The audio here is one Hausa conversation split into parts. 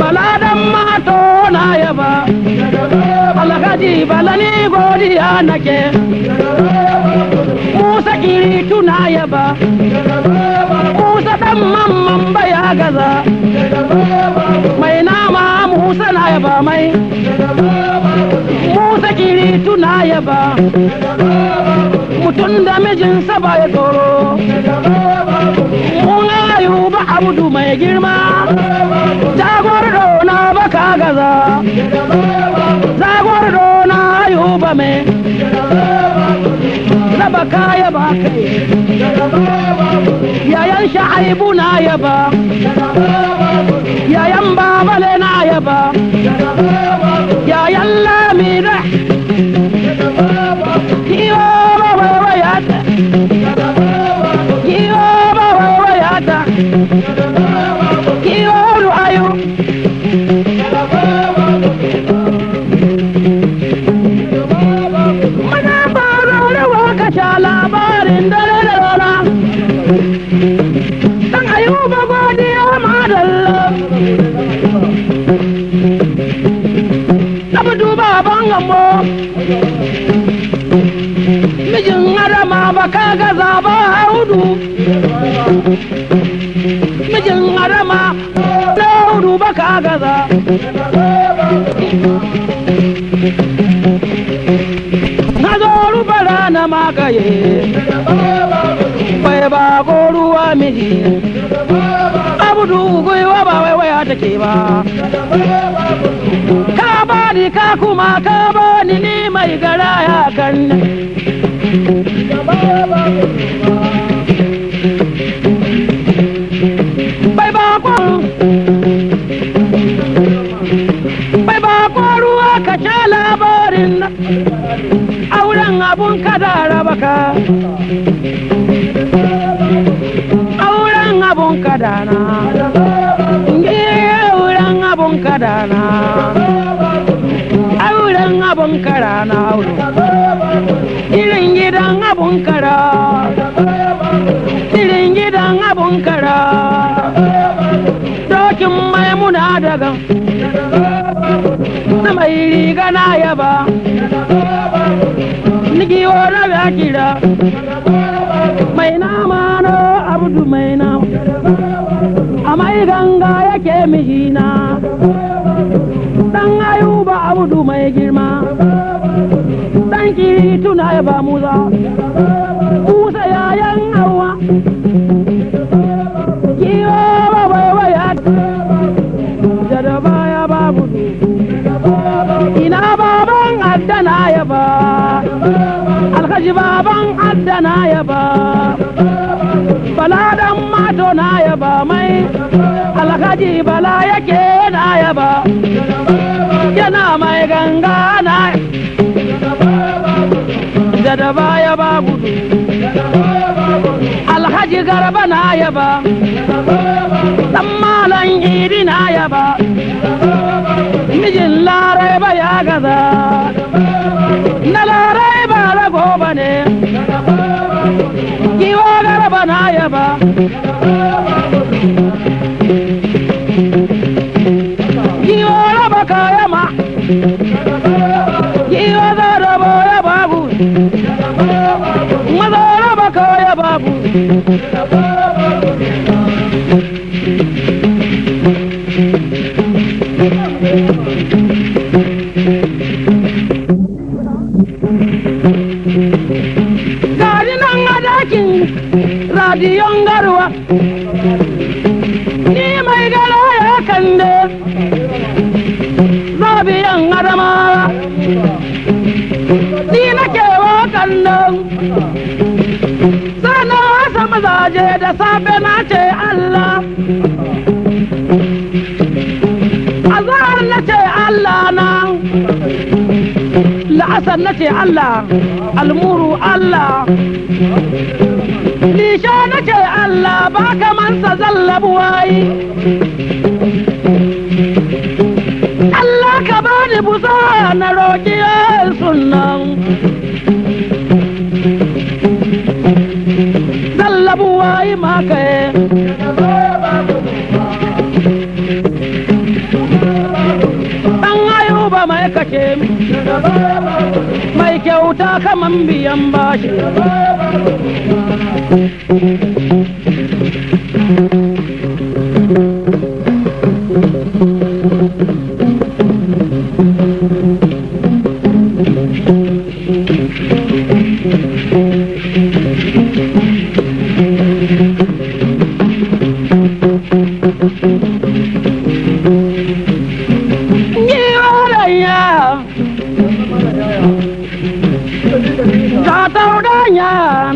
baladan mato na yaba alhaji balani godiya nake musa kiritu na yaba musa dan mamman baya gaza mai nama musa na yaba mai musa kiritu na yaba mutum da mijinsa ba ya tsoro mun ayuba abudu mai girma zagor dona ayuba me raba kaya ba kai yayan sha'aibu na yaba yayan babale na yaba yayan lami da Abu duba bangan mo Mijin arama ba ka gaza ba haudu Mijin arama na haudu ba ka gaza Na zo rufa rana ye, Bai ba ruwa miji ba ka bani ka kuma ka bani ni mai garaya kan bai ruwa ka ce labarin auren abun kada raba auren abun kada na kada na auren abun kara na auro irin gidan abun kara irin gidan abun kara dokin maimuna daga na mai riga na yaba niki wani ya kira mai na na abdu mai na. ganga yake mijina dan ayuba abudu mai girma dan kiri tuna ya ba muza ka Babang baban adda na yaba baladan mato na yaba mai alhaji bala yake na yaba yana mai ganga na da da baya ba gudu alhaji garba na yaba dan malan iri na yaba radiyon garwa ni mai gala ya kande zabiyan adamawa ni na kewa kallon sanar wasa mazaje da safe na ce allah azahar na ce allah na la'asar na ce allah almuru allah lisha nake Allah ba kamansa zallabu wayi Allah ka bani busa na roƙi sunan zallabu wayi maka mai mai kyauta kaman biyan bashi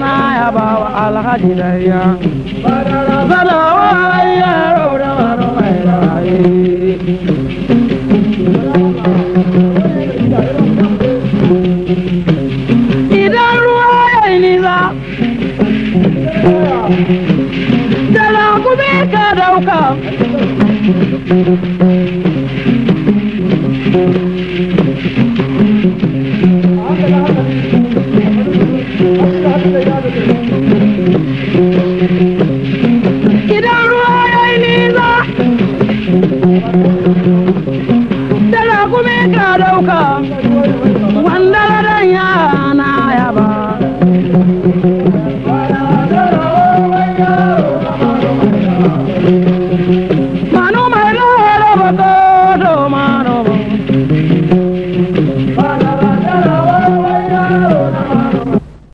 na ya ba wa alhaji da ya sadawa ya rauna mai raye idan ruwa ya yi nisa tana kuma ka dauka